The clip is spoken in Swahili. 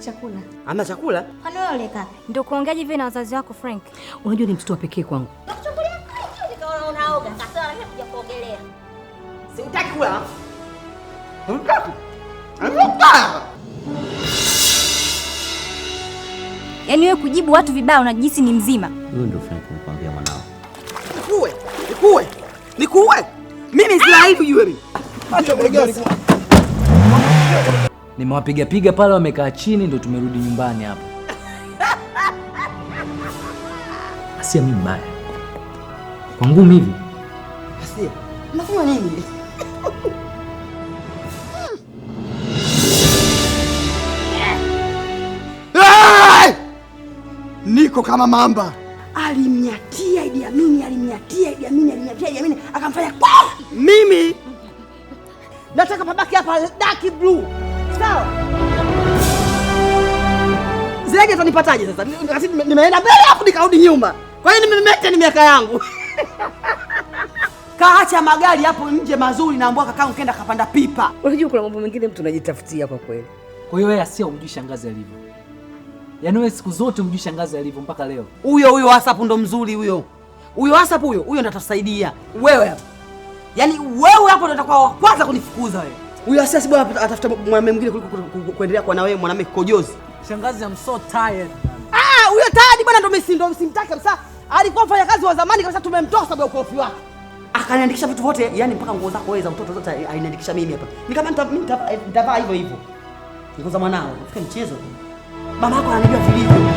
chakula. Ama chakula? Kwani wewe ulikaa? Ndio kuongea hivi na wazazi wako Frank. Unajua ni mtoto wa pekee kwangu. Nakuchukulia kwa hiyo ukaona unaoga, Sasa lakini kuja kuogelea. Si utaki kula? Hutaki? Hutaki. Yaani wewe kujibu watu vibaya unajihisi ni mzima. Wewe ndio Frank nikwambia mwanao. Nikuue, nikuue, nikuue. Mimi sina aibu yule. Acha mgeni nimewapiga piga pale, wamekaa chini, ndo tumerudi nyumbani hapa. Asia, mimi mbaya kwa ngumu hivi? Asia, unafanya nini? Niko kama mamba. Alimnyatia Idi Amini, alimnyatia Idi Amini, alimnyatia Idi Amini akamfanya. Mimi nataka pabaki hapa daki blue sawa. Zege atanipataje sasa? Nimeenda mbele afu nikarudi nyuma, kwa hiyo nimemeteni ni miaka yangu. Kaacha magari hapo nje mazuri, naambua kakangu kenda kapanda pipa. Unajua kuna mambo mengine mtu anajitafutia kwa kweli. Kwa hiyo wewe Asia umjui shangazi alivyo, yaani wewe siku zote umjui shangazi alivyo mpaka leo. Huyo huyo WhatsApp ndo mzuri huyo huyo WhatsApp huyo huyo ndo atasaidia wewe hapo, yaani wewe hapo ndo utakuwa wa kwanza kunifukuza wewe. Huyo asiasi bwana atafuta mwanamume mwingine kuendelea kwa na wewe mwanamume kojozi. Shangazi, I'm so tired. Ah, huyo tired bwana ndo msi ndio msimtaki kabisa. Alikuwa mfanya kazi wa zamani kabisa tumemtoa sababu ya ukofi wake. Akaniandikisha vitu vyote, yani mpaka nguo zako wewe za mtoto zote ainiandikisha mimi hapa. Nikamwambia mimi nitavaa hivyo hivyo. Nguo za mwanao, fika mchezo. Mama yako ananijua vilivyo.